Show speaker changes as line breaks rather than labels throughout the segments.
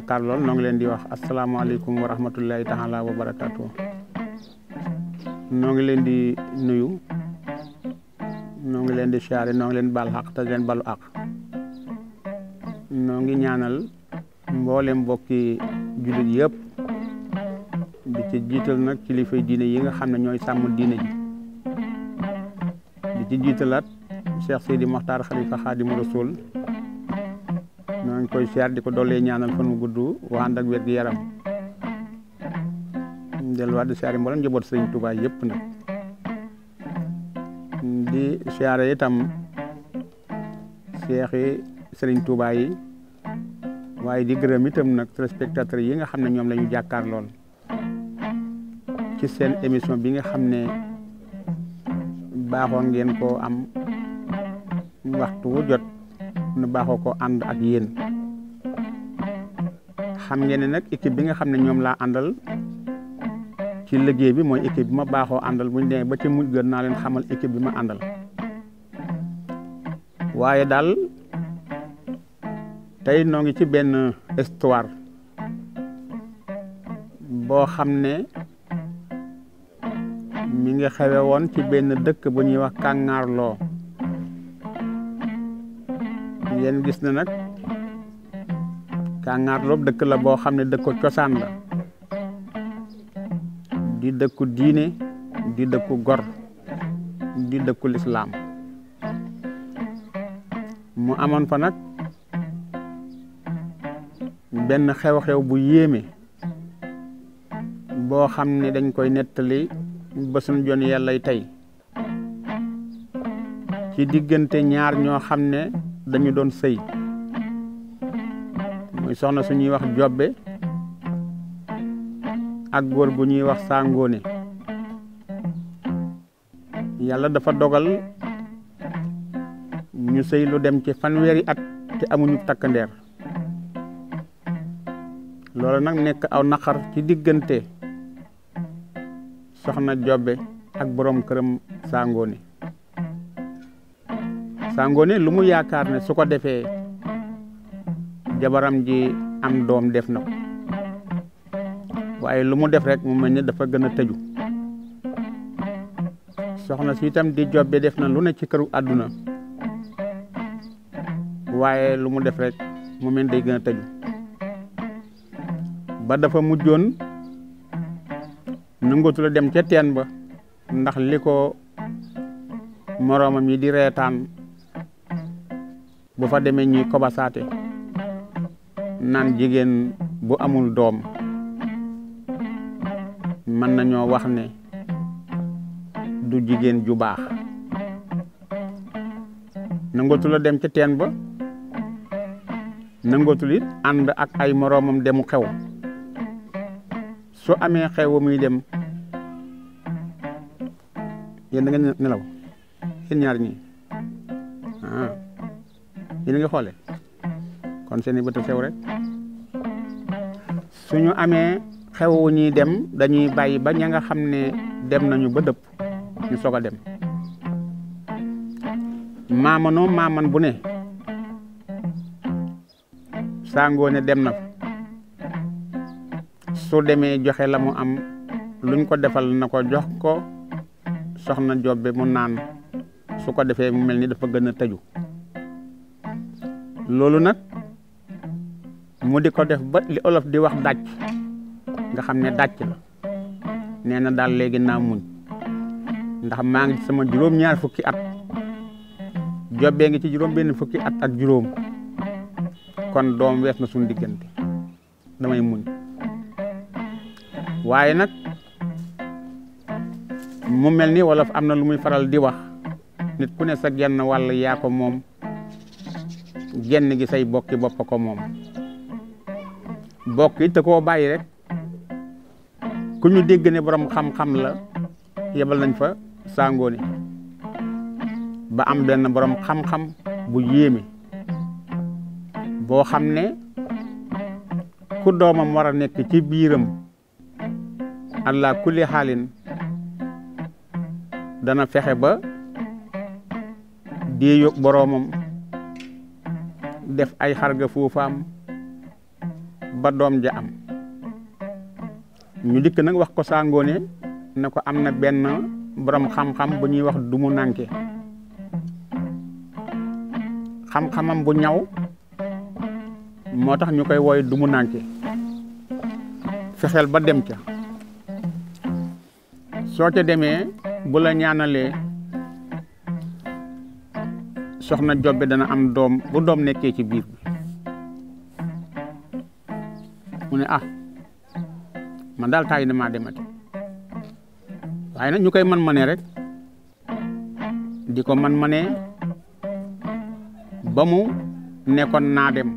jaakaar lool noo ngi leen di wax asalaamaaleykum wa rahmatullahi taala wa barakaatu noo ngi leen di nuyu noo ngi leen di siyaare noo ngi leen baal xaq te leen balu àq noo ngi ñaanal mboolem mbokki jullit yépp di ci jiital nag kilifay diine yi nga xam ne ñooy sàmm diine ji di ci jiitalaat Cheikh Seydi Mokhtar Khalifa Khadimu Rasul ñoo ngi koy siyaar di ko dollee ñaanal fan mu gudd waa ànd ak wér gu yaram delluwaat di siyaare mboolem njaboot sëriñ Tuubaa yëpp nag di siyaare itam seex yi sëriñ Tuubaa yi waaye di gërëm itam nag téléspectateurs yi nga xam ne ñoom lañu ñu lool ci seen émission bi nga xam ne baaxoon ngeen koo am waxtu jot nu baaxoo ko ànd ak yéen xam ngeen ne nag équipe bi nga xam ne ñoom laa àndal ci liggéey bi mooy équipe bi ma baaxoo àndal bu ñu demee ba ci mujj gën naa leen xamal équipe bi ma àndal waaye daal tey noo ngi ci benn histoire boo xam ne mi ngi xewe woon ci benn dëkk bu ñuy wax Kàngaarloo yéen gis na nag Kàngaar Loob dëkk la boo xam ne dëkku cosaan la di dëkku diine di dëkku gor di dëkku lislaam mu amoon fa nag benn xew-xew bu yéeme boo xam ne dañ koy nettali bésuñ jon yàllay tey ci diggante ñaar ñoo xam ne dañu doon sëy muy soxna su ñuy wax jobbe ak góor gu ñuy wax sàngoone yàlla dafa dogal ñu sëy lu dem ci fanweeri at te amuñu takkandeer loolu nag nekk aw naqar ci diggante soxna jobbe ak borom këram sàngoone saa ngoone lu mu yaakaar ne su ko defee jabaram ji am doom def na ko waaye lu mu def rek mu mel ne dafa gën a tëju soxna si itam di jobbe def na lu ne ci këru àdduna waaye lu mu def rekk mu mel day gën a tëju ba dafa mujjoon nangutu la dem ca teen ba ndax li ko moroomam yi di reetaan bu fa demee ñuy kobasaate naan jigéen bu amul doom mën nañoo wax ne du jigéen ju baax nangootu dem ca teen ba nangootul it ànd ak ay moroomam demu xew su amee xew muy dem yéen da ngeen nelaw yéen yéen ngi xoole kon seeni i bët sew rek ñu amee xewu ñuy dem dañuy bàyyi ba ña nga xam ne dem nañu ba dëpp ñu soog a dem maamanoo maaman bu ne sangoo ne dem na fa su demee joxe la mu am luñ ko defal na ko jox ko soxna jobbe mu naan su ko defee mu mel ni dafa gën a tëju loolu nag mu di ko def ba li olof di wax dàcc nga xam ne dàcc la nee na daal léegi naa muñ ndax maa ngi sama juróom-ñaar fukki at jobbee ngi ci juróom benn fukki at ak juróom kon doom wees na suñu diggante damay muñ waaye nag mu mel ni wolof am na lu muy faral di wax nit ku ne sa genn walla yaako moom genn gi say bokki bopp ko moom bokki it te koo bàyyi rek ku ñu dégg ne borom xam-xam la yebal nañ fa sàngooni ba am benn borom xam-xam bu yéeme boo xam ne ku doomam war a nekk ci biiram allah kulli xaalin dana fexe ba déeyóg boroomam def ay xarga foofaam ba doom ja am ñu dikk nag wax ko Sangoné ne ko am na benn boroom xam-xam bu ñuy wax dumu nanke xam-xamam bu ñaw moo tax ñu koy wooy dumu nanke fexeel ba dem ca soo ca demee bu la ñaanalee soxna jobbe dana am doom bu doom nekkee ci biir bi mu ne ah man daal taay damaa demati waaye nag ñu koy man mane rek di ko man manee ba mu nekkoon naa dem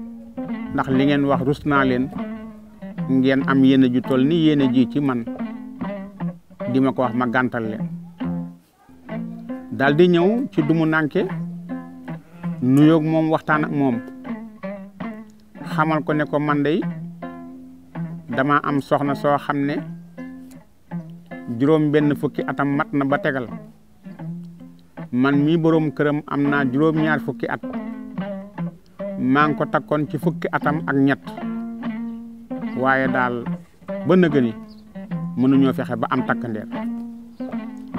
ndax li ngeen wax rus naa leen ngeen am yéene ju toll ni yéene ji ci man di ma ko wax ma gàntal daal di ñëw ci dumu nànke nuyoog moom waxtaan ak moom xamal ko ne ko man dey dama am soxna soo xam ne juróom benn fukki atam mat na ba tegal man mii boroom këram am na juróom ñaar fukki at maa ngi ko takkoon ci fukki atam ak ñett waaye daal ba nëgë ni mënuñoo fexe ba am takkandeer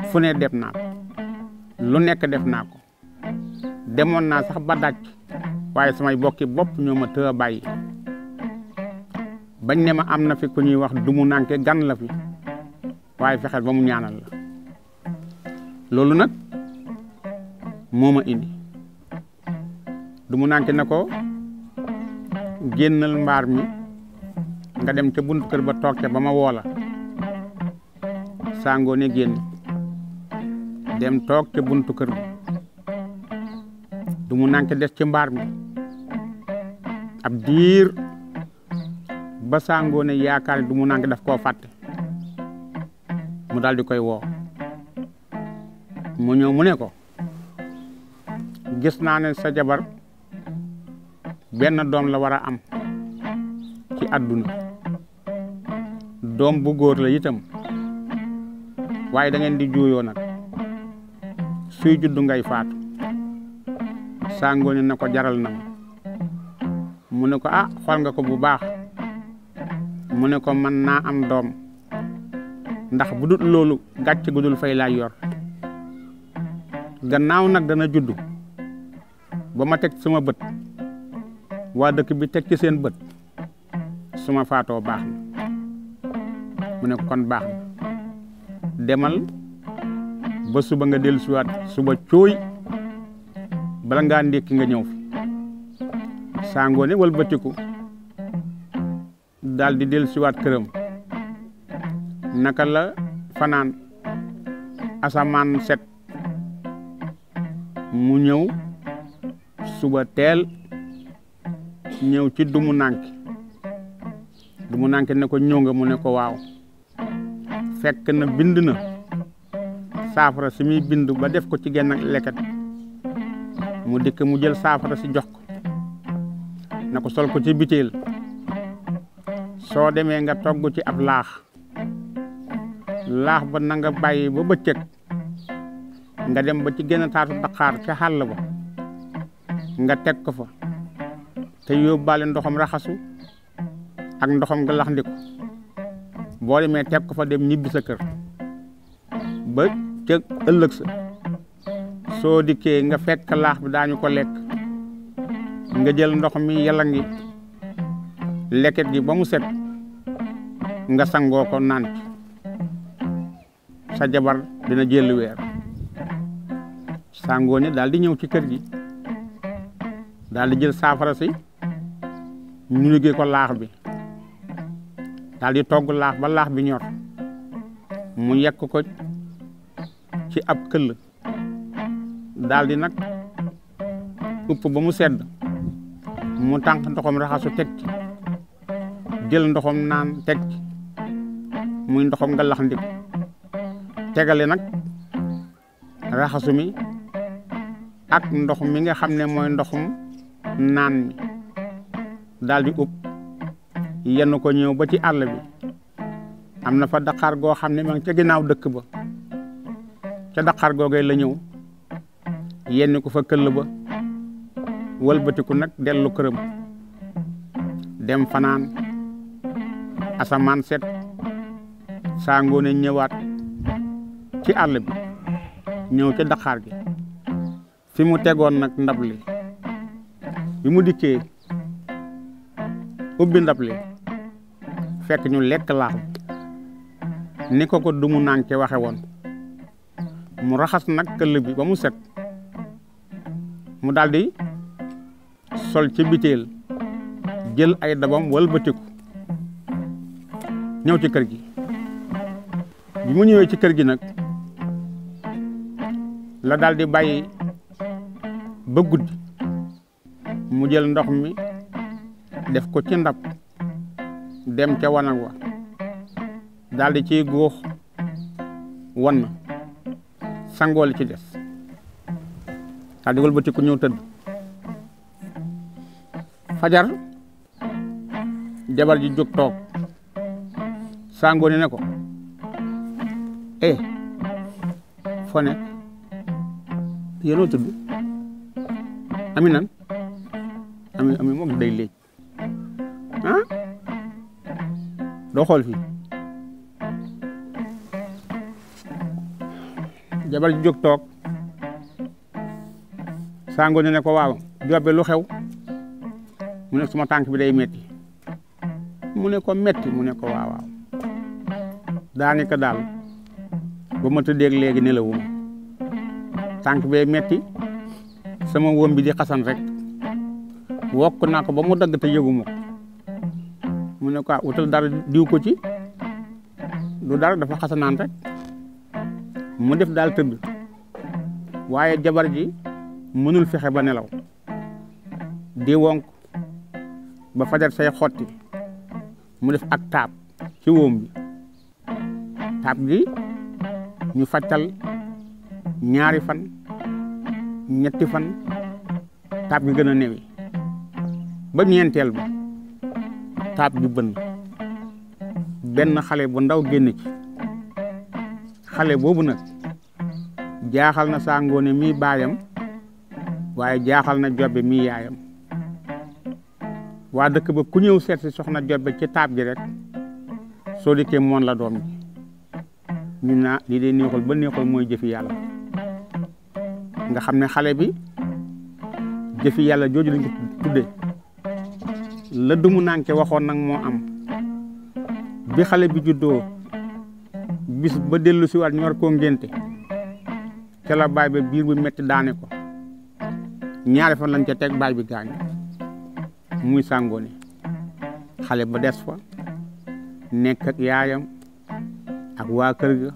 fu ne def naa lu nekk def naa ko demoon naa sax ba daj waaye samay bokki bopp ñoo ma tëë bàyyi bañ ne ma am na fi ku ñuy wax dumu nanke gan la fi waaye fexeel ba mu ñaanal la loolu nag moo ma indi dumu nanke na ko génnal mbaar mi nga dem ca buntu kër ba toog ca ba ma woola sàngoo ne génn dem toog ca buntu kër ba mu nànk des ci mbaar mi ab diir ba sàngoo ne yaakaar ne du mu nànk daf koo fàtte mu daldi koy woo mu ñëw mu ne ko gis naa ne sa jabar benn doom la war a am ci àdduna doom bu góor la itam waaye dangeen di juuyoo nag suy juddu ngay saa ngóone na ko jaral na mu ne ko ah xool nga ko bu baax mu ne ko mën naa am doom ndax bu dul loolu gàcce gu dul fay laay yor gannaaw nag dana juddu ba ma teg suma bët waa dëkk bi teg ci seen bët suma ma faatoo baax na mu ne kon baax na demal ba suba nga dellusiwaat suba cooy bala ngaa ndékki nga ñëw fi sangoone walbatiku daldi di dellu siwaat këram naka la fanaan asamaan set mu ñëw suba teel ñëw ci dumu nànki dumu nànki ne ko ñëw nga mu ne ko waaw fekk na bind na saafara si muy bind ba def ko ci genn leket mu dikk mu jël saafara si jox ko na ko sol ko ci bitéel soo demee nga togg ci ab laax laax ba nanga nga bàyyi ba bëccëg nga dem ba ci gën a taatu daqaar ca xàll ba nga teg ko fa te yóbbaale ndoxam raxasu ak ndoxam nga lax ndiku boo demee teg ko fa dem ñibbi sa kër ba ca ëllëg sa soo dikkee nga fekk laax bi daañu ko lekk nga jël ndox mi yàlla ngi leket gi ba mu set nga sangoo ko naan sa jabar dina jël weer sangoo ni daal di ñëw ci kër gi daal di jël saafara si ñu liggéey ko laax bi daal di togg laax ba laax bi ñor mu yekk ko ci ab këll daldi nag upp ba mu sedd mu tànk ndoxum raxasu teg jël ndoxum naan teg ci muy ndoxam nga lax ndik tegale nag raxasu mi ak ndox mi nga xam ne mooy ndoxum naan mi daal di upp yenn ko ñëw ba ci àll bi am na fa daqaar goo xam ne ma ngi ca ginnaaw dëkk ba ca daqaar googee la ñëw yenn ku fa këll ba nag dellu këram dem fanaan asamaan set saa ngoone ñëwaat ci àll bi ñëw ca daqaar gi fi mu tegoon nag ndab li bi mu dikkee ubbi ndab li fekk ñu lekk laax ni ko ko du dumu nànke waxe woon mu raxas nag këll bi ba mu set mu daal sol ci biteel jël ay dabam wëlbatiku ñëw ci kër gi bi mu ñëwee ci kër gi nag la daldi di bàyyi ba guddi mu jël ndox mi def ko ci ndab dem ca wanag wa daal di ciy góox sangool ci des daal di wëlbatiku ñëw tëdd fajar jabar ji jóg toog sangooni ne ko eh foo nekk yéenoo tëdd ami nan moog day léej ah doo xool fii jabar ji jóg toog sango ne ko waaw jobbe lu xew mu ne suma tànk bi day metti mu ne ko metti mu ne ko waaw waaw daanaka daal ba ma tëddeeg léegi nelawuma tànk bee metti sama wóom bi di xasan rek wokk naa ko ba mu dagg te mu ne ko ah, wutal dara diw ko ci du dara dafa xasanaan rek mu def daal tëdd waaye jabar ji mënul fexe ba nelaw di wonk ba fajar say xotti mu def ak taab ci wóom bi taab gi ñu fàttal ñaari fan ñetti fan taab gi gën a newi ba ñeenteel ba taab gi bënn benn xale bu ndaw génn ci xale boobu nag jaaxal na saa ngoone mi baayam waaye jaaxal na jobbe mii yaayam waa dëkk ba ku ñëw seet si soxna jobbe ci taab gi rek soo dikkee moon la doom ji ñu naa lii dee neexul ba neexul mooy jëfi yàlla nga xam ne xale bi jëfi yàlla jooju lañ ko tuddee la waxoon nag moo am xale bi juddoo bis ba dellu si waat ñor koo ngénte ca la baay ba biir bu metti daane ko ñaari fan lañ ca teg baay bi gaañ muy sàngoone xale bu des fa nekk yaayam ak waa kër ga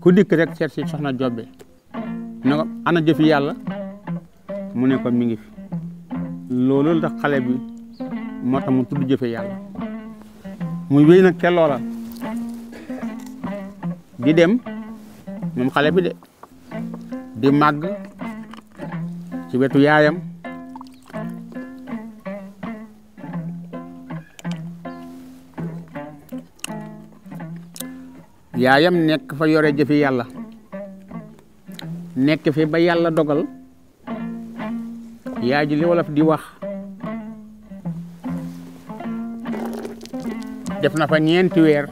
ku dikk rek seet si soxna Jobbe na ko ana jëfi yàlla mu ne ko mi ngi fi loolu tax xale bi moo tax mu tudd jëfe yàlla muy wéy nag ke di dem moom xale bi de di màgg ci wetu yaayam yaayam nekk fa yore jëfi yàlla nekk fi ba yàlla dogal yaay ji li wolof di wax def na fa ñeenti weer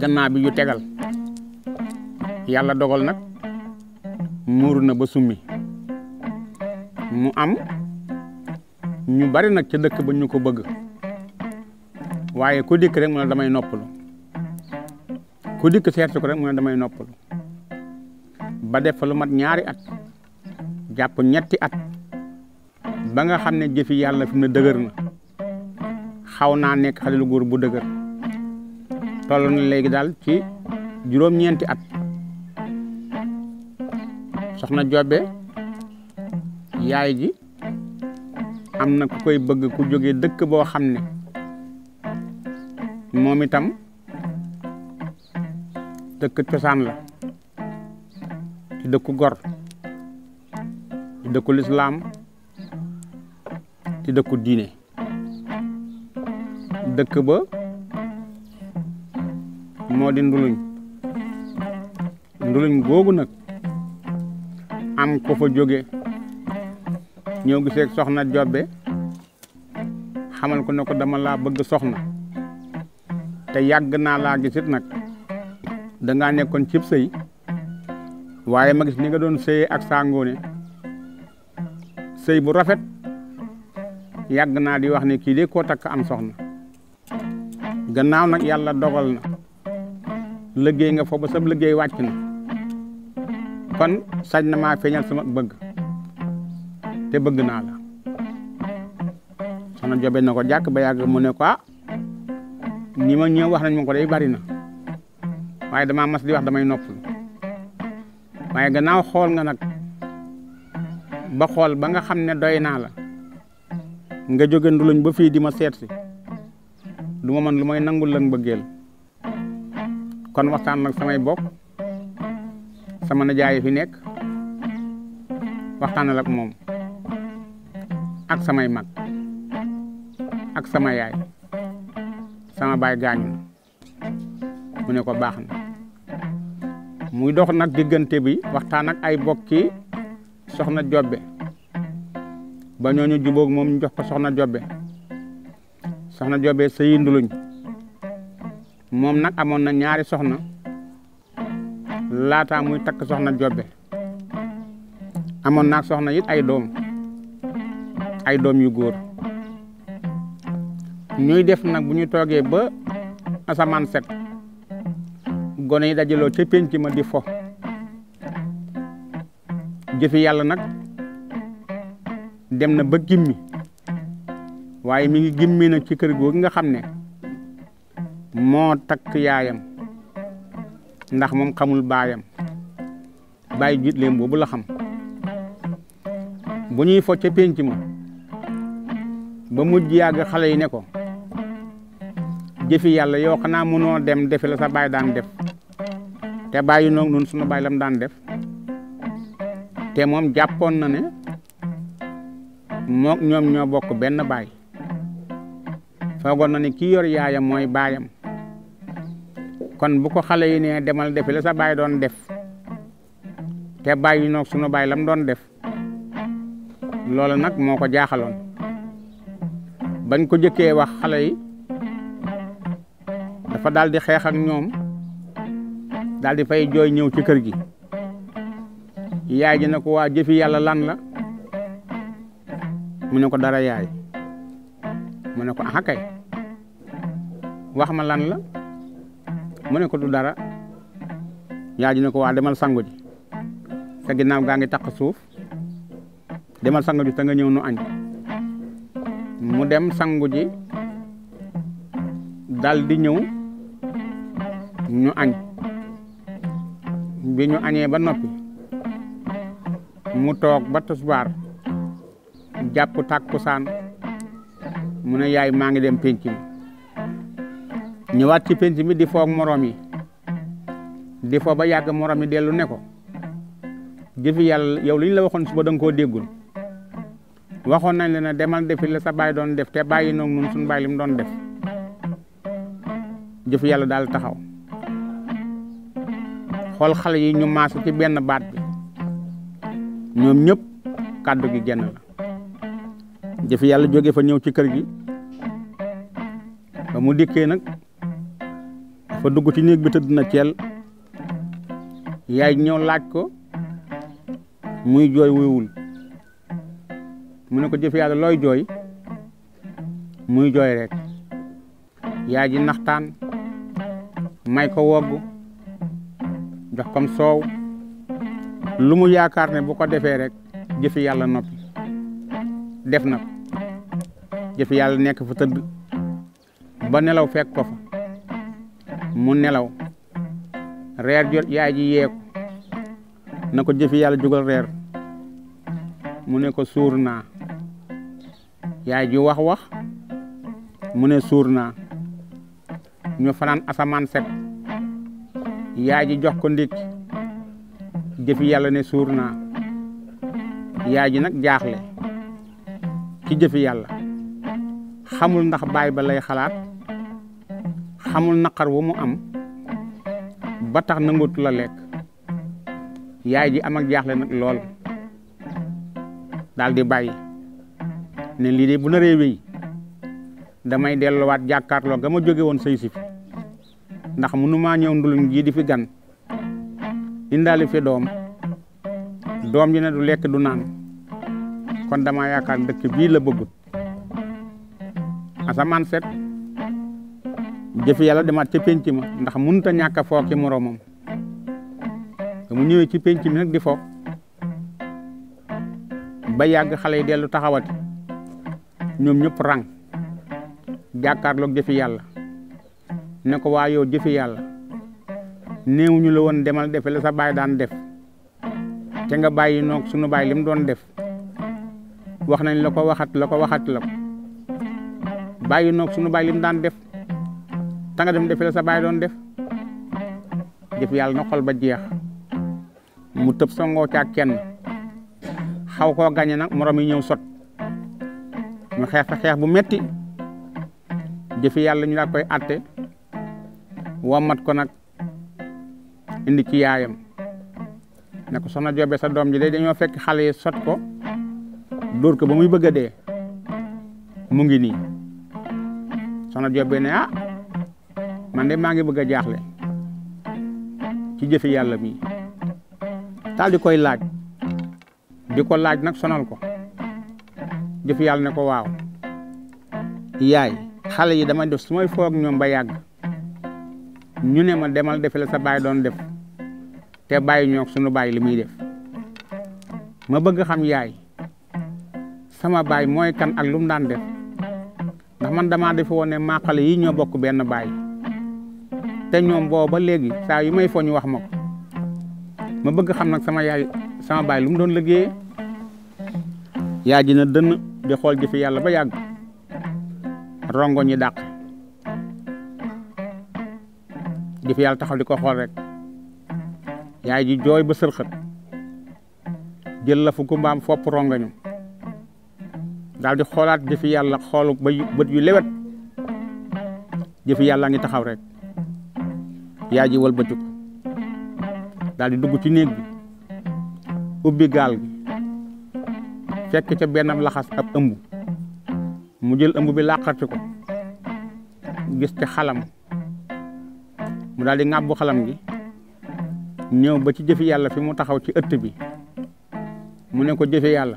gannaaw bi yu tegal yàlla dogal nag muur na ba summi mu am ñu bari nag ca dëkk ba ñu ko bëgg waaye ku dikk rek mu ne damay noppalu ku dikk seetsi ko rek mu ne damay noppalu ba def fa lu mat ñaari at jàpp ñetti at ba nga xam ne jëfi yàlla fi mu dëgër na xaw naa nekk xale lu góor bu dëgër toll na léegi daal ci juróom-ñeenti at soxna Jobe yaay ji am na koy bëgg ku jóge dëkk boo xam ne moom itam dëkk cosaan la ci dëkku gor ci dëkku lislaam ci dëkku diine dëkk ba moo di nduluñ nduluñ googu nag am ko fa jóge ñoo gisee ak soxna Jobbe xamal ko ne ko dama laa bëgg soxna te yàgg naa laa gisit nag dangaa nekkoon cib sëy waaye ma gis ni nga doon sëyee ak saa ngóone sëy bu rafet yàgg naa di wax ne kii de koo takk am soxna
gannaaw nag yàlla
dogal na liggéey nga foofu ba sa liggéey wàcc na kon sañ na maa feeñal sama bëgg te bëgg naa la soxna Jobe na ko jàkk ba yàgg mu ne ko ah ni ma ñëw wax nañ ko day bari na waaye dama mas di wax damay noppalu waaye gannaaw xool nga nag ba xool ba nga xam ne doy naa la nga jóge nduluñ ba fii di ma seet si du ma mën lu may nangul la bëggeel kon waxtaan nag samay bokk sama nijaay fi nekk waxtaan la moom ak samay mag ak sama yaay sama baay gaañu mu ne ko baax na muy dox nag diggante bi waxtaan ak ay bokki soxna jobbe ba ñooñu jubóog moom ñu ko soxna jobbe soxna jobbe sa moom nag amoon na ñaari soxna laata muy takk soxna jobbe amoon naag soxna it ay doom ay doom yu góor ñuy def nag bu ñu toogee ba asamaan set gone yi dajaloo ca pénc ma di fo jëfi yàlla nag dem na ba gimmi waaye mi ngi gimmi nag ci kër gi nga xam ne moo takk yaayam ndax moom xamul baayam bàyyi jiit leen boobu la bu ñuy fo ca pénc ba mujj yàgg xale yi ne ko jëfi yàlla yoo xanaa mënoo dem defi la sa baay daan def te bàyyi noonu nun sunu baay lam daan def te moom jàppoon na ne mook ñoom ñoo bokk benn baay foogoon na ne kii yor yaayam mooy baayam kon bu ko xale yi ne demal defi la sa baay doon def te bàyyi noog sunu baay lam doon def loolu nag moo ko jaaxaloon bañ ko jëkkee wax xale yi dafa daldi di xeex ak ñoom daldi fay jooy ñëw ci kër gi yaay ji ne ko waa jëfi yàlla lan la mu ne ko dara yaay mu ne ko aha kay wax ma lan la mu ne ko du dara yaay ji ne ko waa demal sangu ji sa ginnaaw gaa ngi taq suuf demal sangu ji te nga ñëw nu añ mu dem sangu ji dal di ñëw ñu añ bi ñu añee ba noppi mu toog ba tisbaar jàpp tàkkusaan mu ne yaay maa ngi dem penc mi ñëwaat ci penc mi di foog moroom yi di fo ba yàgg moroom yi dellu ne ko jëfi yow li la waxoon suba da nga koo déggul waxoon nañ la ne demal defi la sa baay doon def te bàyyi noog nun suñu baay li mu doon def jëf yàlla daal taxaw xool xale yi ñu maase ci benn baat bi ñoom ñëpp kàddu gi genn la jëf yàlla jóge fa ñëw ci kër gi ba mu dikkee nag fa dugg ci néeg bi tëdd na ceel yaay ñëw laaj ko muy jooy wuyuwul mu ne ko jëf yàlla looy jooy muy jooy rek yaay ji naxtaan may ko wogg jox kom soow lu mu yaakaar ne bu ko defee rek jëfi yàlla noppi def na jëf jëfi yàlla nekk fa tëdd ba nelaw fekk ko mu nelaw reer jot yaay ji na ko jëf yàlla jugal reer mu ne ko suur naa yaay ji wax wax mu ne suur naa ñu fanaan asamaan set yaay ji jox ko ndik jëfi yàlla ne suur naa yaay ji nag jaaxle ci jëfi yàlla xamul ndax baay ba lay xalaat xamul naqar wu mu am ba tax nangutu la lekk yaay ji am ak jaaxle nag lool daal di bàyyi ne lii de bu naree wéy damay delluwaat jàkkaarloo ga ma jóge woon sëy si fi ndax mënumaa ñëw nduluñ ji di fi gan indaale fi doom doom ji ne du lekk du naan kon dama yaakaar dëkk bii la bëggut asamaan set jëfi yàlla demaat ca pénc ma ndax mënuta ñàkk a foo ki moroomam te mu ñëwee ci pénc mi nag di fo ba yàgg xale yi dellu taxawati ñoom ñëpp rang jàkkaarloog jëfi yàlla ne ko waa yow jëfi yàlla néewuñu la woon demal defe la sa baay daan def te nga bàyyi noog sunu baay li mu doon def wax nañ la ko waxat la ko la bàyyi noog sunu baay li daan def ta nga dem defe la sa baay doon def jëfi yàlla na xol ba jeex mu tëb sangoo caa kenn xaw koo gañe nag morom yi ñëw sot ñu xeex fa xeex bu metti jëfi yàlla ñu daal koy atte wommat ko nag indi ci yaayam ne ko soxna Jobe sa doom ji day dañoo fekk xale yi sot ko dóor ko ba muy bëgg a dee mu ngi nii soxna Jobe ne ah man de maa ngi bëgg a jaaxle ci jëfi yàlla mi daal di koy laaj di ko laaj nag sonal ko jëf yàlla ne ko waaw yaay xale yi dama def su may foog ñoom ba yàgg ñu ne ma demal defi la sa baay doon def te bàyyi ñoo sunu baay li muy def ma bëgg xam yaay sama baay mooy kan ak lu mu daan def ndax man dama defe woon ne maa xale yi ñoo bokk benn baay te ñoom boo ba léegi saa yu may fo ñu wax ma ko ma bëgg xam nag sama yaay sama baay lu mu doon liggéeyee yaa na dënn di xool ji yàlla ba yàgg rongo ñi dàq di yàlla taxaw di ko xool rek yaay ji jooy ba sërxët jël la fu kumbaam fopp daal di xoolaat jëfi yàlla xool ba bët lewet jëfi yàlla ngi taxaw rek yaay ji wëlbatiku daal di dugg ci néeg bi ubbi gaal fekk ca bennam laxas ab ëmb mu jël ëmb bi làqarti ko gis ci xalam mu daal di ŋàbbu xalam gi ñëw ba ci jëfi yàlla fi mu taxaw ci ëtt bi mu ne ko jëfe yàlla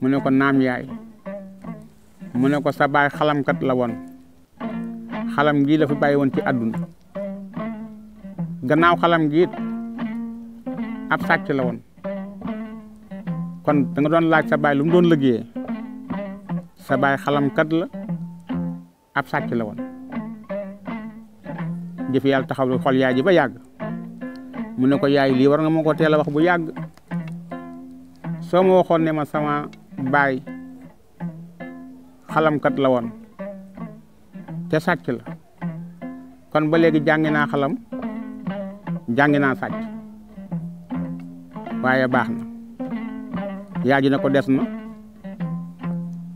mu ne ko naam yaay mu ne ko sa baay xalamkat la xalam gii la fi bàyyi woon ci àdduna gannaaw xalam gi ab sàcc la woon kon da nga doon laaj sa baay lu mu doon liggéeyee sa baay xalamkat la ab sàcc la woon jëf yàlla taxaw na xool yaay ji ba yàgg mu ne ko yaay lii war nga ma ko teel a wax bu yàgg soo ma waxoon ne ma sama baay xalamkat la woon te sàcc la kon ba léegi jàngi naa xalam jàngi naa sàcc waaye baax na yaay ji ne ko des na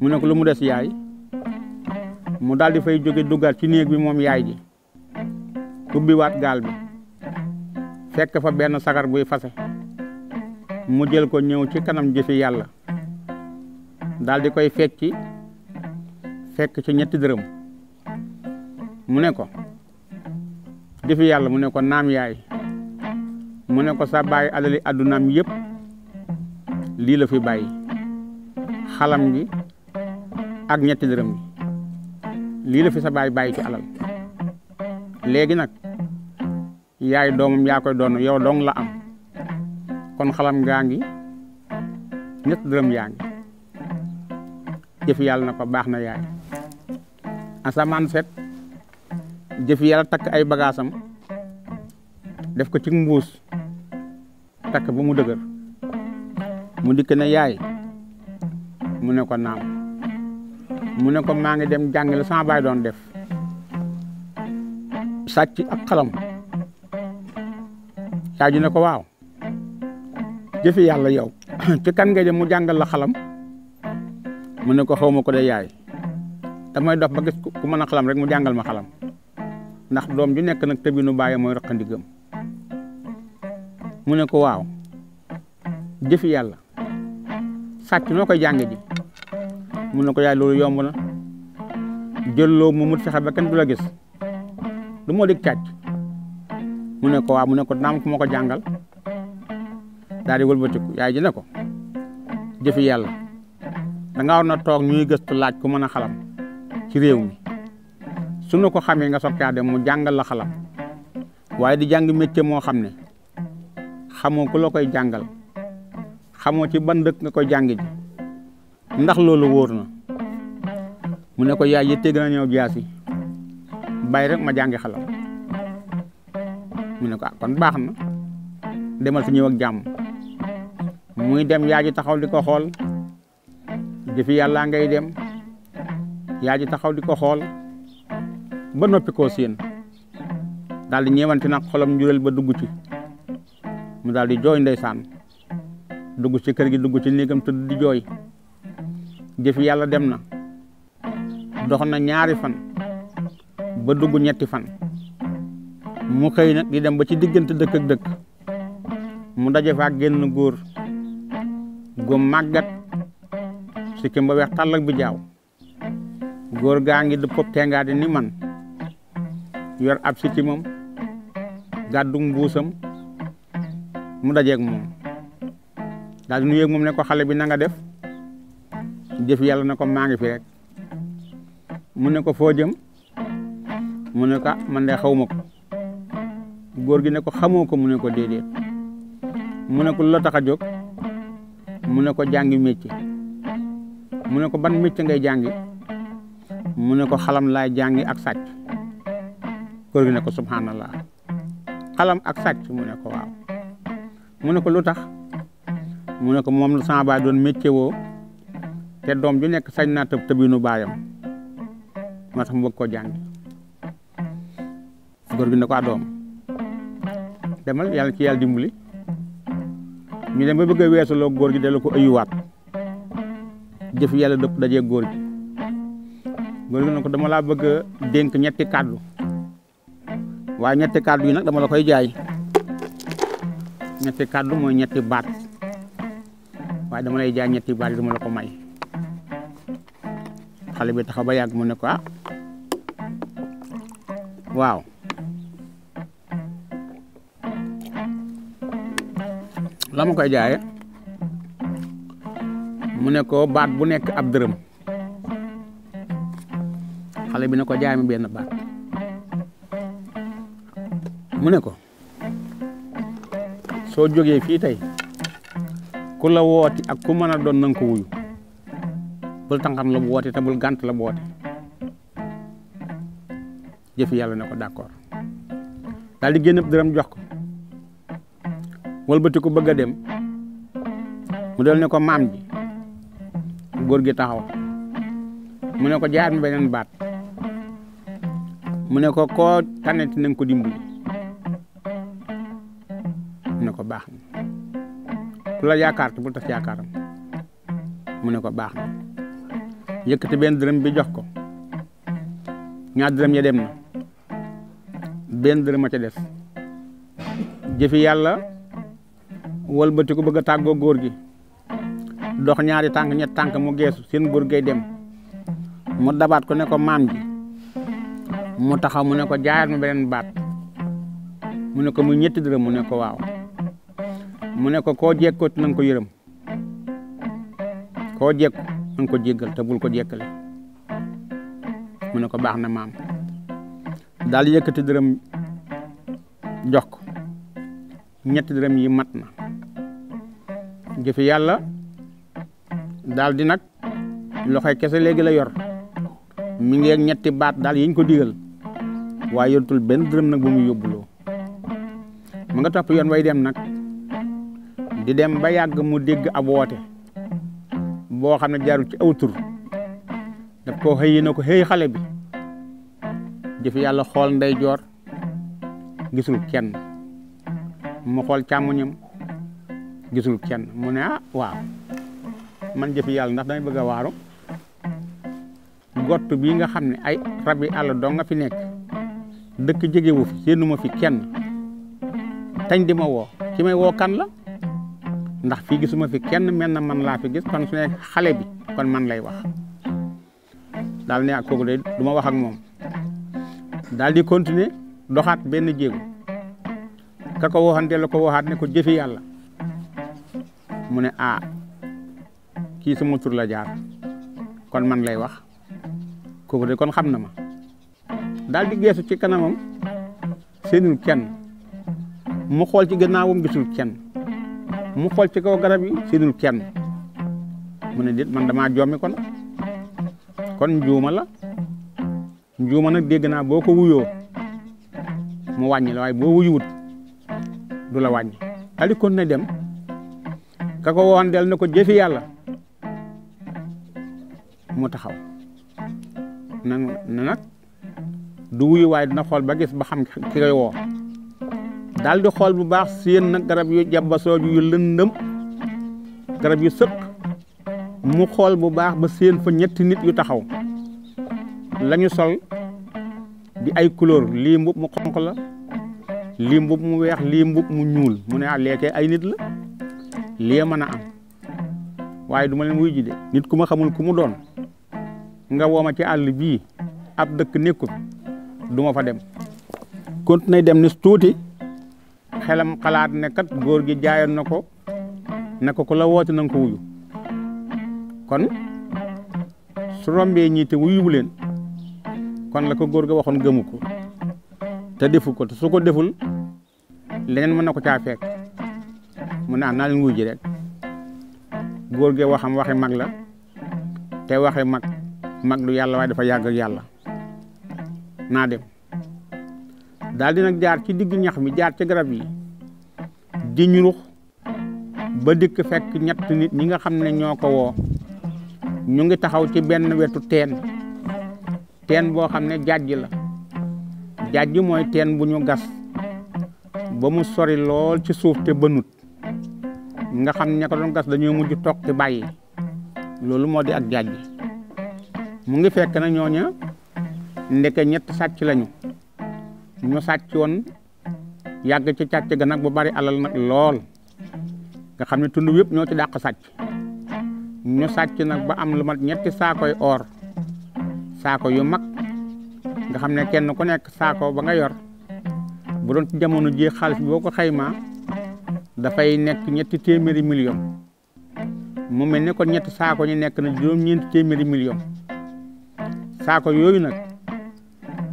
mu ne ko lu mu des yaay mu daldi di fay jóge duggaat ci néeg bi moom yaay ji ubbiwaat gaal bi fekk fa benn sagar buy fase mu jël ko ñëw ci kanam jëfi yàlla daal di koy fecci fekk ci ñetti dërëm mu ne ko jëfi yàlla mu ne ko naam yaay mu ne ko sa bàyyi alali addunaam yëpp lii la fi bàyyi xalam gi ak ñetti dërëm gi lii fi sa baay bàyyi ci alal léegi nag yaay doomam yaa koy doon yow dong la am kon xalam gaa ngi ñetti dërëm yaa ngi jëf yàlla na ko baax na yaay asamaan set jëf yàlla takk ay bagaasam def ko ci mbuus takk ba mu dëgër mu dikk ne yaay mu ne ko naam mu ne ko maa ngi dem jàngi la sama baay doon def sàcc ak xalam yaay ji ne ko waaw jëfi yàlla yow ci kan nga dem mu jàngal la xalam mu ne ko xaw ma ko de yaay damay dox ba gis ku mën a xalam rek mu jàngal ma xalam ndax doom ju nekk nag tëbinu bàyyi mooy raqandigam mu ne ko waaw jëfi yàlla sàcc noo koy jànge ji mun na ko yaay loolu yomb na jëlloo mu mut fexe ba kenn du la gis lu moo dig càcc mu ne ko waaw mu ne ko naam ku ma ko jàngal daal di wëlbatiku yaay ji ne ko jëfi yàlla da nga na toog ñuy gëstu laaj ku mën a xalam ci réew mi su na ko xamee nga soog caa dem mu jàngal la xalam waaye di jàng metti moo xam ne xamu ku la koy jàngal xamoo ci ban dëkk nga koy jàngi ji ndax loolu wóor na mu ne ko yaay yi teg na ñëw jaasi bàyyi rek ma jàngi xalam mu ne ko ak ah kon baax na demal fi ñëw ak jàmm muy dem yaa ji taxaw di ko xool jëfi yàlla ngay dem yaa ji taxaw di ko xool ba noppi koo séen daal di ñeewanti nag xolam njureel ba dugg ci mu daal di jooy ndeysaan dugg ci kër gi dugg ci néegam tëdd di jooy jëfi yàlla dem na dox na ñaari fan ba dugg ñetti fan mu xëy nag di dem ba ci diggante dëkk ak dëkk mu daje fa ak góor gu màggat sikkim ba weex tàll bi jaaw góor gaa ngi dëpp tengaa di ni man yor ab sikkimam gàddu mbuusam mu dajeeg moom daal di nuyu moom ne ko xale bi nanga nga def jëf yàlla na ko maa ngi fi rek mu ne ko foo jëm mu ne ko man de xaw ko góor gi ne ko xamoo ko mu ne ko déedéet mu ne lu la tax a jóg mu ne ko jàngi métier mu ne ko ban métier ngay jàngi mu ne ko xalam laay jàngi ak sàcc góor gi ne ko subhanallah xalam ak sàcc mu ne waaw mu ne lu tax mu ne ko moom la sama baay doon métier te doom ju nekk sañ naa tëb tëbinu baayam ma tax mu bëgg koo jàng góor gi ne a ah, doom demal yàlla ci yàlla dimbali ñu dem ba bëgg a weesaloo góor gi delloo ko ayuwaat jëf yàlla dëpp dajee góor gi góor gi ne ko dama la bëgg a dénk ñetti kàddu waaye ñetti kàddu yi nag dama la koy jaay ñetti kàddu mooy ñetti baat waaye dama lay jaay ñetti baat yi dama la ko may xale bi taxaw ba yàgg mu ne ko ah waaw la koy jaaye mu nekkoo ko baat bu nekk ab dërëm xale bi ne ko jaay benn baat mu ne ko soo jógee fii tey ku la wooti ak ku mën a doon nanga ko wuyu bul tànqam la bu woote te bul gànt la bu woote jëfi yàlla ne ko d'accord daal di génn dërëm jox ko wëlbati ko mu dool ne ko maam ji góor gi taxaw mu ne ko jaar mi beneen baat mu ne ko koo tànnati na ko dimbali ku la yaakaar te bul tas yaakaaram mu ne ko baax na yëkkati benn dërëm bi jox ko ñaar dërëm ya dem na benn dërëm a ca des jëfi yàlla walbati ku bëgg a tàggoo góor gi dox ñaari tànk ñett tànk mu geesu seen góor gay dem mu dabaat ko ne ko maam ji mu taxaw mu ne ko jaayaat ma beneen baat mu ne ko mu ñetti dërëm mu ne ko waaw mu ne ko koo jekkut na ko yërëm koo jekku na ko jéggal te bul ko jekkale mu ne ko baax na maam daal yëkkati dërëm jox ko ñetti dërëm yi mat na jëfi yàlla daal di nag loxoy kese léegi la yor mi ngi ñetti baat daal yiñ ko digal waaye yorutul benn dërëm nag bu mu yóbbuloo mu nga topp yoon way dem nag di dem ba yàgg mu dégg a woote boo xam ne jaarul ci aw tur daf koo xëyi ko xëy xale bi jëf yàlla xool ndey joor gisul kenn mu xool càmmuñam gisul kenn mu ne ah waaw man jëfi yàlla ndax damay bëgg a waaru gott bii nga xam ne ay rabi àll doo nga fi nekk dëkk jegewu fi séenuma fi kenn tañ di ma woo ki woo kan la ndax fii gisuma fi kenn mel na man laa fi gis kon su ne xale bi kon man lay wax daal ne ak kooku de du ma wax ak moom daal di continuer doxaat benn jéego ka ko waxoon ko waxaat ne ko jëfi yàlla mu ne a ah, kii sama tur la jaar kon man lay wax kooku de kon xam na ma daal di geesu ci kanamam seenul kenn mu xool ci gannaawam gisul kenn mu xool ci kaw garab yi séenul kenn mu ne déet man damaa jommi kon kon njuuma la njuuma nag dégg naa boo ko wuyoo mu wàññi la waaye boo wuyuwut du la wàññi ali kon na dem ka ko woon del na ko jëfi yàlla mu taxaw na na nag du wuyu waaye dina xool ba gis ba xam ki woo daal di xool bu baax séen nag garab yu jàbba sooju yu lëndëm garab yu sëkk mu xool bu baax ba séen fa ñetti nit yu taxaw lañu sol di ay couleur lii mbub mu xonq la lii mbub mu weex lii mbub mu ñuul mu ne ah lekkee ay nit la lii mën a am waaye du ma leen mu ji de nit ku ma xamul ku mu doon nga wooma ci àll bii ab dëkk nekkul du ma fa dem. continué dem ni tuuti. xelam xalaat ne kat góor gi jaayoon na ko ne ko ku la woote na ko wuyu kon su rombee leen kon la ko góor ga waxoon gëmu ko te defu ko te su ko deful leneen mën na ko caa mu ne ah naa leen wuyu rek góor ge waxam waxe mag la te waxe mag mag du yàlla waaye dafa yàgg yàlla naa dem. daal di nag jaar ci digg ñax mi jaar ci garab yi di ñurux ba dikk fekk ñett nit ñi nga xam ne ñoo ko woo ñu ngi taxaw ci benn wetu teen teen boo xam ne jàjj la jàjj mooy teen bu ñu gas ba mu sori lool ci suuf te bënut nga xam ne ña ko doon gas dañoo mujj toog te bàyyi loolu moo di ak jàjj mu ngi fekk na ñooña ndeke ñett sàcc lañu ñu sàcc woon yàgg ci càcc ga nag bu bari alal nag lool nga xam ne tund yëpp ñoo ci dàq sàcc ñu sàcc nag ba am lu mat ñetti saakoy or saako yu mag nga xam ne kenn ku nekk saako ba nga yor bu doon ci jamono ji xaalis boo ko xaymaa dafay nekk ñetti téeméeri million mu mel ne kon ñetti saako ñu nekk na juróom-ñeenti téeméeri million saako yooyu nag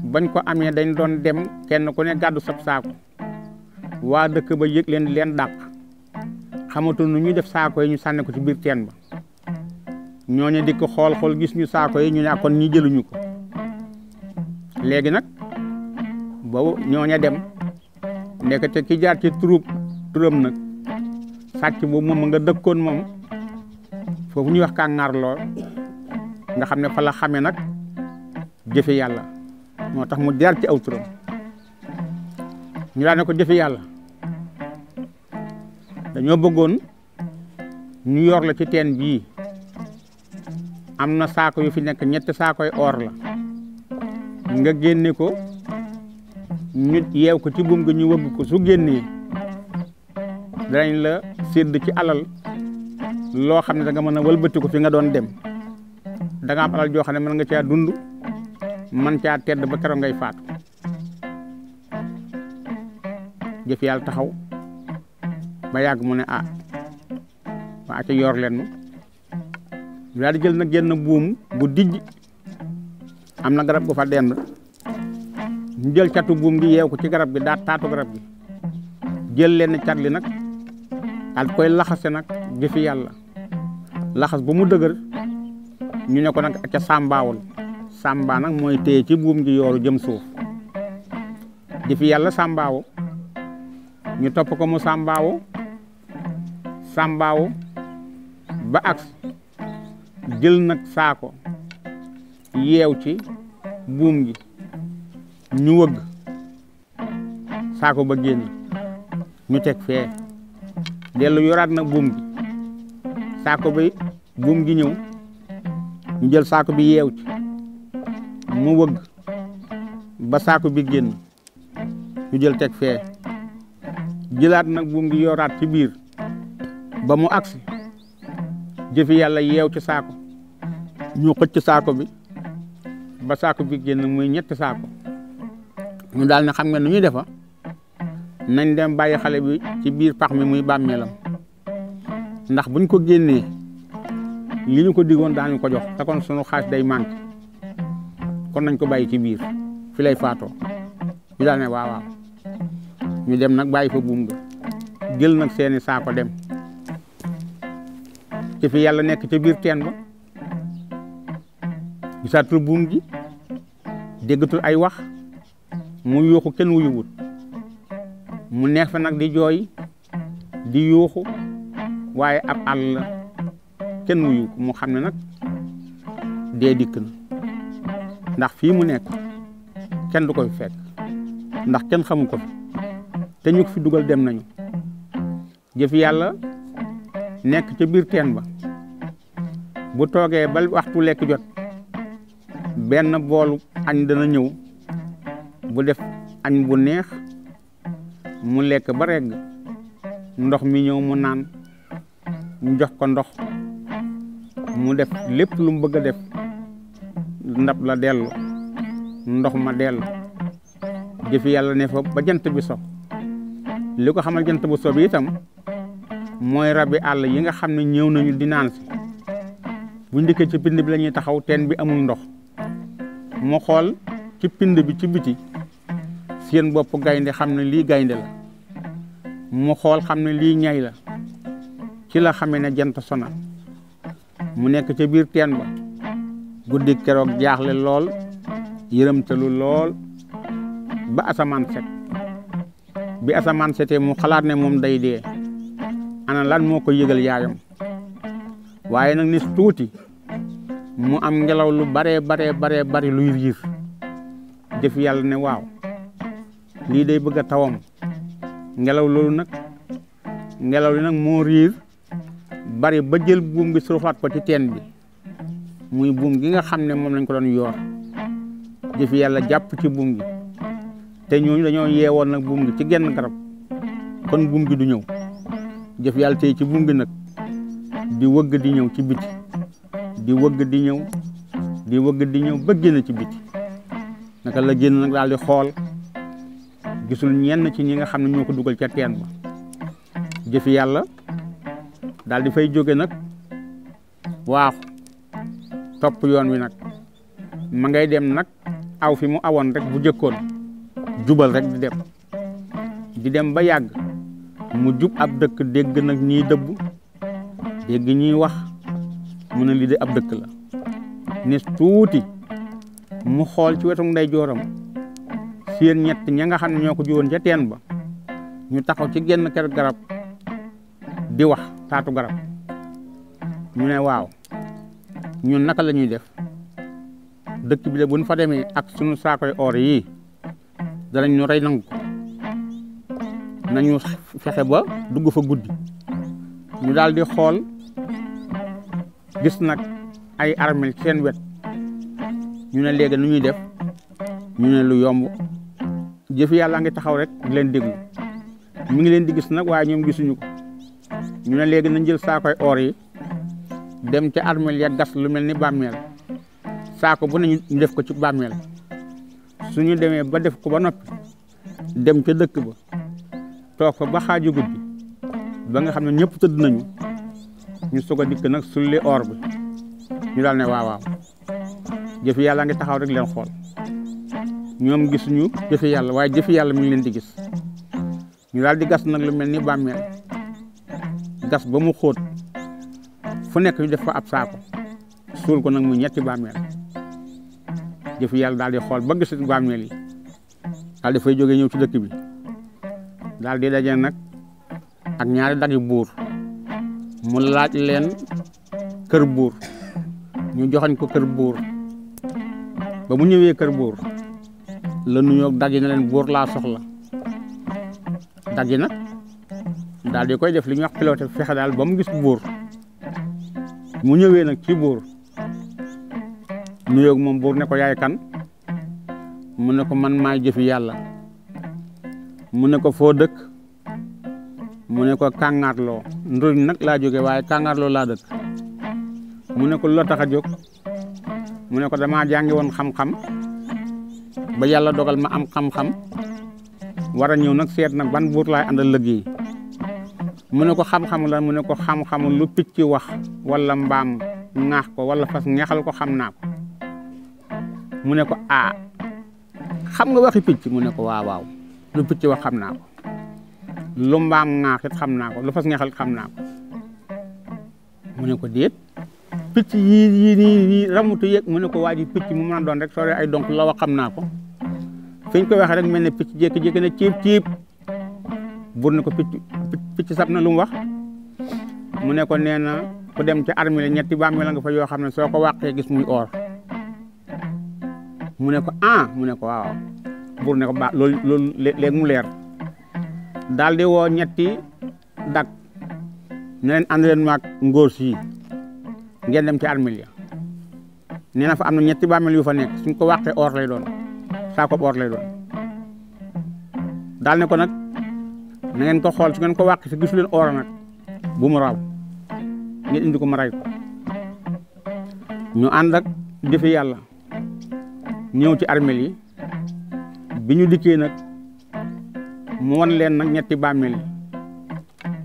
bañ ko amee dañ doon dem kenn ku ne gàddu sab saako waa dëkk ba yëg leen leen dàq xamatu nu ñuy def saako yi ñu sànni ko ci biir teen ba ñooñu di ko xool xool gis ñu saako yi ñu ne ah kon ñi jëluñu ko léegi nag boobu ñooñu dem ndekete ki jaar ci turub turam nag sàcc boobu moom nga dëkkoon moom foofu ñuy wax kàngaar lool nga xam ne fa la xamee nag jëfe yàlla moo tax mu jaar ci aw turam ñu daan ne ko jëfe yàlla dañoo bëggoon ñu yor la ci teen bii am na saako yu fi nekk ñetti saakoy or la nga génne ko ñu yeew ko ci buum gi ñu wëgg ko su génnee danañ la sédd ci alal loo xam ne danga nga mën a wëlbati ko fi nga doon dem da am alal joo xam ne mën nga caa dund man caa tedd ba keroog gay faatu jëf taxaw ba yàgg mu ne ah waa ca yor leen mu daal jël na genn buum bu dijj am na garab gu fa dend ñu jël catu buum gi yeew ko ci garab gi daa taatu garab gi jël leen cat li nag daal koy laxase nag jëfi yàlla laxas ba mu dëgër ñu ne ko nag ca sàmbaawul sàmba nag mooy téye ci buum gi yooru jëm suuf di fi yàlla sàmbaawu ñu topp ko mu sàmbaawu sàmbaawu ba ak jël nag saako yeew ci buum gi ñu wëgg saako ba génn ñu teg fee dellu yoraat nag buum gi saako bi buum gi ñëw ñu jël saako bi yeew mu wëgg ba saako bi génn ñu jël teg fee jëlaat nag bu ngi yoraat ci biir ba mu agsi jëfi yàlla yeew ci saako ñu xëcc saako bi ba saako bi génn muy ñetti saako ñu daal ne xam nga nu ñuy defa nañ dem bàyyi xale bi ci biir pax mi muy bàmmeelam ndax buñ ko génnee li ñu ko digoon ñu ko jox te kon sunu xaaj day manqué kon nañ ko bàyyi ci biir fi lay faatoo ñu daal ne ñu dem nag bàyyi fa buum ga jël nag seeni saako dem ci fi yàlla nekk ci biir teen ba gisaatul buum gi déggatul ay wax mu yuuxu kenn wuyuwut mu neex fa nag di jooy di yuuxu waaye ab àll kenn wuyu mu xam ne nag dee dikk na ndax fii mu nekk kenn du ko fi fekk ndax kenn xamu ko fi ñu fi dugal dem nañu jëf yàlla nekk ca biir teen ba bu toogee ba waxtu lekk jot benn boolu añ dana ñëw bu def añ bu neex mu lekk ba ndox mi ñëw mu naan ñu jox ko ndox mu def lépp lum mu bëgg a def ndab la dellu ndox ma dellu jëfi yàlla ne fa ba jant bi so li ko xamal jant bu so bi itam mooy rabi àll yi nga xam ne ñëw nañu di naan si bu ndikkee ci pind bi la taxaw teen bi amul ndox mu xool ci pind bi ci biti seen bopp gaynde xam ne lii gaynde la mu xool xam ne lii ñay la ci la xamee ne jant sona mu nekk ca biir teen ba guddi keroog jaaxle lool yërëmtalu lool ba asamaan set bi asamaan setee mu xalaat ne moom day dee ana lan moo ko yëgal yaayam waaye nag nis tuuti mu am ngelaw lu baree bare bare bari luy riir def yàlla ne waaw lii day bëgg a tawam loolu nag ngelaw li nag moo riir bari ba jël buum bi surufaat ko ci teen bi muy buum gi nga xam ne moom lañ ko doon yoor jëfi yàlla jàpp ci buum gi te ñooñu dañoo yeewoon nag buum gi ci genn garab kon buum gi du ñëw jëf yàlla tey ci buum gi nag di wëgg di ñëw ci biti di wëgg di ñëw wëgg di ñëw ba génn ci biti naka la génn nag daal di xool gisul ñenn ci ñi nga xam ne ñoo ko dugal ca teen ba jëfi yàlla daal di fay jóge nag waaxu topp yoon wi nag ma ngay dem nag aw fi mu awoon rekk bu jëkkoon jubal rek di dem di dem ba yàgg mu jub ab dëkk dégg nag ñii dëbb dégg ñiy wax mu ne lii de ab dëkk la nes tuuti mu xool ci wetu nday jooram seen ñett ña nga xam ne ñoo ko jiwoon ca teen ba ñu taxaw ci genn ker garab di wax taatu garab ñu ne waaw ñun naka la ñuy def dëkk bi de bu ñu fa demee ak sunu saakoy or yii danañ ñu rey nangu nañu fexe ba dugg fa guddi ñu daal di xool gis nag ay armel seen wet ñu ne léegi nu ñuy def ñu ne lu yomb jëf yàlla ngi taxaw rek di leen déglu mi ngi leen di gis nag waaye ñoom gisuñu ko ñu ne léegi nañ jël saakoy or yi dem ca armeel ya gas lu mel ni bameel saako bu nañu def ko ci bàmmeel suñu demee ba def ko ba noppi dem ca dëkk ba toog fa ba xaaju guddi ba nga xam ne ñëpptëdd tëdd nañu ñu soog a dikk nag sulli or bi ñu daal ne waaw waaw jëfi yàlla ngi taxaw rek leen xool ñoom gisuñu jëfi yàlla waaye jëfi yàlla mi leen di gis ñu daal di gas nag lu mel ni bàmmeel gas ba mu xóot fu nekk ñu def fa ab saako suul ko nag muy ñetti bàmmeel jëf daal di xool ba gis bàmmeel yi daal di fay jógee ñëw ci dëkk bi daal di daje nag ak ñaari dagi buur mu laaj leen kër buur ñu joxañ ko kër buur ba mu ñëwee kër buur la nuyoo dag yi na leen buur laa soxla dag yi nag daal di koy def li ñuy wax piloté fexe daal ba mu gis buur mu ñëwee nag ci buur nuyoog moom buur ne ko yaay kan mu ne ko man maay jëfi yàlla mu ne ko foo dëkk mu ne ko kàngaarloo nduruñ nag laa jóge waaye kàngaarloo laa dëkk mu ne ko loo tax a jóg mu ne ko damaa jàngi woon xam-xam ba yàlla dogal ma am xam-xam war a ñëw nag seet nag ban buur laay àndal lëg yi mu ne ko xam-xam la mu ne ko xam lu picc wax walla mbaam ŋaax ko wala fas ñaxal ko xam naa ko mu ne ko a ah, xam nga waxi picc mu ne ko waaw waaw lu picc wax xam naa ko lu mbaam ŋaax xam naa ko lu fas ñaxal xam naa ko mu ne ko déet picc yii yii nii nii ramutu yeeg mu ne ko waa ji picc mu mën a doon rek soo dee ay donc la wax xam naa ko fi koy waxee rek mel ne picc jékki-jékki ne ciib ciib bur ne ko picc picc sab na lu mu wax mu ne ko nee na ku dem ca armée ñetti bàmmeel la nga fa yoo xam ne soo ko wàqee gis muy or mu ne ko ah mu ne ko waaw bur ne ko ba loolu loolu mu leer daal di woo ñetti dak ne leen ànd leen maag ngóor si ngeen dem ci armée ya nee na fa am na ñetti bàmmeel yu fa nekk suñ ko wàqee or lay doon saa ko lay doon daal ne ko nag na ngeen ko xool su ngeen ko wàq si gisu leen oor nag bu mu raw ngeen indi ko ma ray ñu ànd ak jëfe yàlla ñëw ci armel yi bi ñu dikkee nag mu won leen nag ñetti bàmmeel yi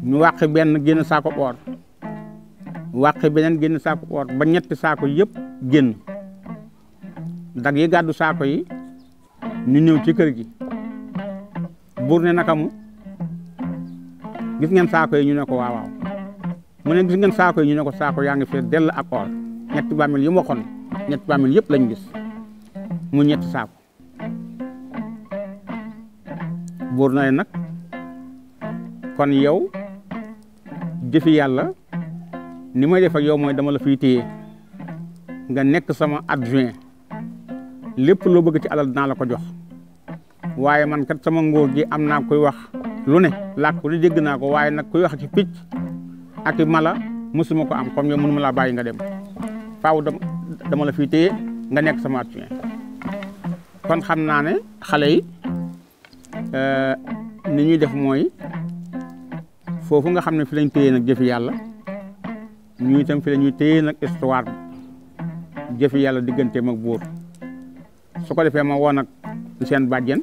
ñu wàq benn génn saako oor wàq beneen génn saako oor ba ñetti saako yëpp génn dag yi gàddu saako yi ñu ñëw ci kër gi buur ne naka mu gis ngeen saako yi ñu ne ko waaw waaw a gis ngeen saako yi ñu ne ko saako yaa ngi fees dell ak or ñetti bàmmeel yi mu waxoon ñetti bàmmeel yëpp lañ gis mu ñetti saako buur na nag kon yow jëfi yàlla ni may def yow mooy dama la fiy téye nga nekk sama adjoint lépp loo bëgg ci alal dinaa la ko jox waaye man kat sama nguur gi am naa koy wax lu ne làkk lu dégg naa ko waaye nag koy wax ci picc ak i mala mosuma ko am comme yow mënu ma laa bàyyi nga dem faaw dama la fi téye nga nekk sama adjoint kon xam naa ne xale yi euh, ni ñuy def mooy foofu nga xam ne fi lañ téye nag jëfi yàlla ñu itam fi la ñuy téye nag histoire jëfi yàlla digganteem ak buur su ko defee ma woon ak seen bàjjen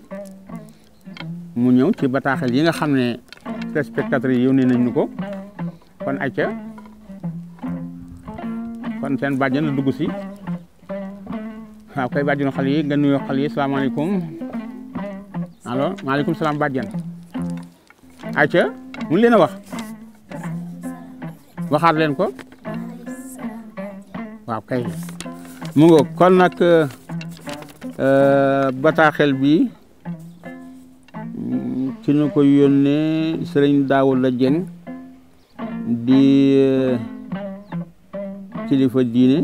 mu ñëw ci bataaxel yi nga xam ne téléspectateurs yi yónnee nañ ñu ko kon acca kon seen bàjjen la dugg si waaw koy bàjjenu xal yi nga nuyoo xal yi salaamaaleykum allo maaleykum salaam bàjjen acca mun leen a wax waxaat leen ko waaw kay mu ngo kon nag euh, bataaxel bi ki ñu ko yónnee sëriñ Daawuda Jeng di eh, kilifa diine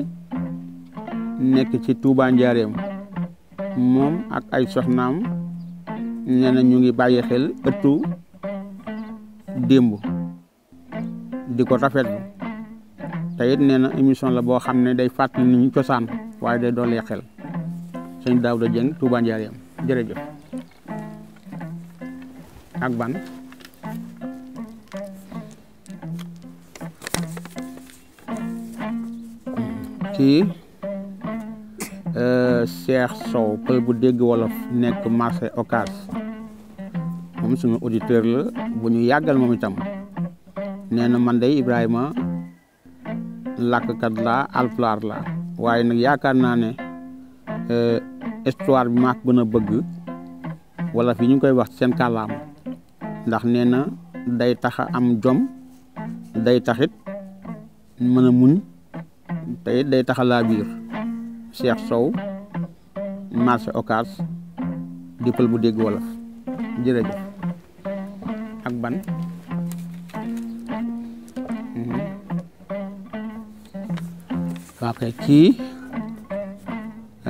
nekk ci Touba Njaareem moom ak ay soxnaam nena ñu ngi bàyyi xel ëttu démb di ko rafetlu te it nee na émission la boo xam ne day fàttali ni ñu cosaan waaye day doolee xel sëñ Daawuda Jeng Touba Njaareem jërëjëf ak ban kii euh, Cheikh Sow pël bu dégg wolof nekk marché Ocass moom suñu auditeur la bu ñu yàggal moom itam nee na man day Ibrahima làkkat laa alpulaar laa waaye nag yaakaar naa ne euh, histoire bi maa ko gën bëgg wala fi ñu ngi koy wax seen kàllaama ndax nee na day taxa am jom day taxit mën a muñ te day tax a biir Cheikh Sow marché Ocass di pël bu dégg wolof jërëjëf ak ban mhm. waa kay kii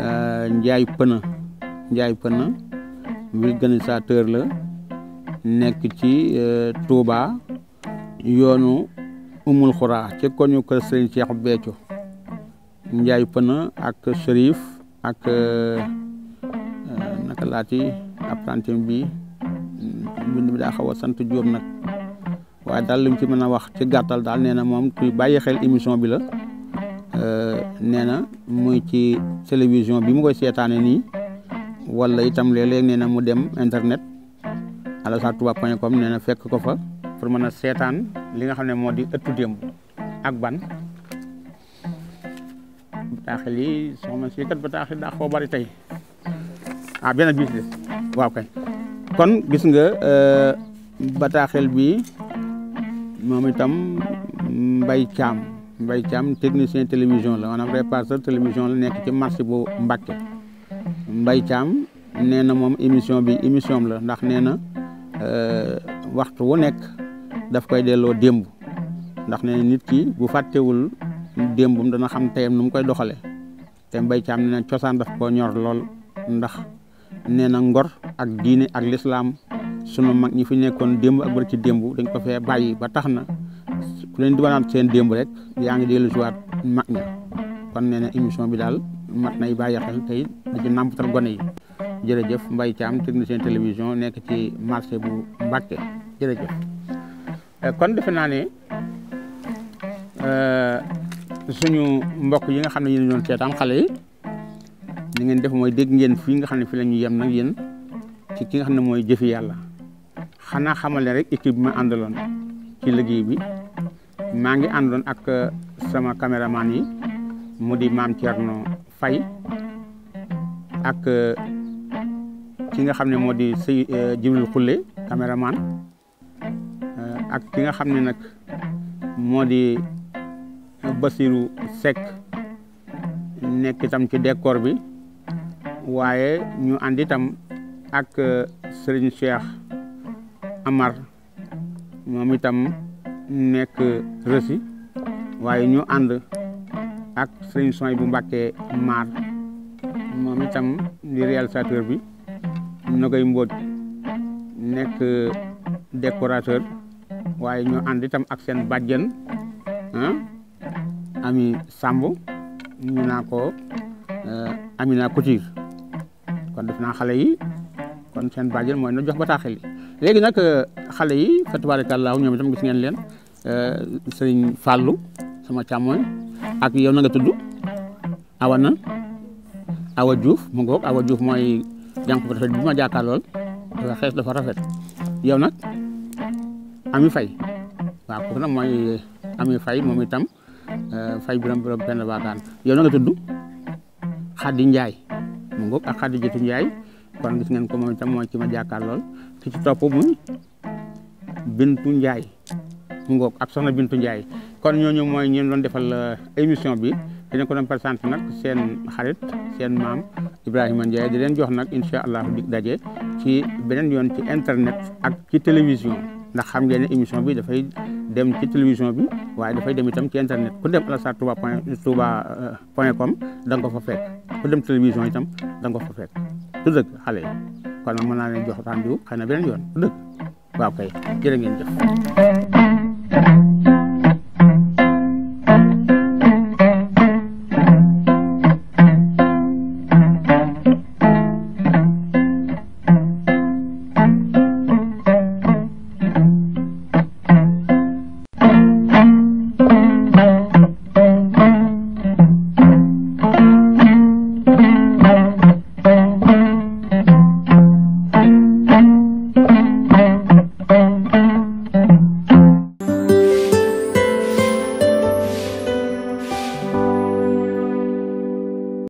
euh, Njaay Pëna Njaay Pëna vulgarisateur la nekk ci euh, Touba yoonu Umul Xuraa ci koñu kër Serigne Cheikh Béthio Ndiaye Pëna ak Chérif ak euh, euh, naka laati apprenti bi mbind mi daa xaw a sant Diop nag waaye daal li mu ci mën a wax ci gàttal daal nee na moom kuy bàyyi xel émission bi la nee na muy ci télévision bi mu koy seetaane nii wala itam léeg-léeg nee na mu dem internet alazhar touba point com nee fekk ko fa pour mën a seetaan li nga xam ne moo di ëttu démb ak ban bataaxel yi soxna si kat bataaxel daa xoo bari tey ah benn bis des waaw kay kon gis nga euh, bataaxel bi moom itam Mbay Caam Mbay Caam technicien télévision la maanaam réparateur télévision la nekk ci marché bu Mbàkke Mbay Caam nee moom émission bi émission la ndax nee Euh, waxtu wu nekk daf koy delloo démb ndax ne nit ki bu fàttewul démbum dana xam teyam nu mu koy doxale te mbay caam ne cosaan daf koo ñor lool ndax nee na ngor ak diine ak lislaam sunu mag ñi fi nekkoon démb ak bër ci démb dañ ko fee bàyyi ba tax na ku leen di wanaat seen démb rek yaa ngi dellu siwaat mag ña kon nee na émission bi daal mat nay bàyyi xel tey di ci nàmpatal gone yi jërëjëf Mbaye Thiam technicien télévision nekk ci marché bu Mbàkke jërëjëf euh, kon defe naa ne euh, suñu mbokk yi nga xam ne yéen ñoon seetaan xale yi li ngeen def mooy dégg ngeen fi nga xam ne fii la ñu yem nag yéen ci ki nga xam ne mooy jëfi yàlla xanaa xamale rek équipe bi ma àndaloon ci liggéey bi maa ngi àndoon ak euh, sama caméraman yi mu di maam Thierno Faye ak ki nga xam ne moo di sëy eh, Jibril Xulle caméraman eh, ak ki nga xam ne nag moo di Basiru sek nekk itam ci décor bi waaye ñu ànd ak eh, Serigne Cheikh Amar moom itam nekk rësi waaye ñu ànd ak Serigne Soy bu Mbàkke Maar moom itam di réalisateur bi Nogay Mbodj nekk décorateur waaye ñoo ànd itam ak seen bàjjen ah, Ami Samb ñu naa ko eh, Amina Couture kon def naa xale yi kon seen bàjjen mooy na jox bataaxal yi léegi nag eh, xale yi fa tabaarakallaahu ñoom itam gis ngeen leen eh, sëriñ Fallou sama càmmooñ ak yow na nga tudd Awana Awa Diouf mu ngoog Awa Diouf mooy jànk bu rafet bi ma jàkkaar lool dafa xees dafa rafet yow nag ami fay waaw kooku nag mooy ami fay moom itam euh, fay bi biram benn baakaan yow na nga tudd xaddi njaay mu ngoog ak kon gis ngeen ko moom itam ma jàkkaar lool ki ci topp muy ak soxna bintu njaay kon ñooñu mooy ñeen doon defal euh, émission bi ki leen ko doon présenté nag seen xarit seen maam Ibrahima Ndiaye di leen jox nag incha allah daje ci beneen yoon ci internet ak ci télévision ndax xam ngeen émission bi dafay dem ci télévision bi waaye dafay dem itam ci internet ku dem Alassane Touba point touba euh, point com da nga ko fa fekk ku dem télévision itam da nga ko fa fekk du dëgg xale yi kon nag mën a leen jox rendez-vous xëy beneen yoon du dëgg waaw kay jërë ngeen
jëf.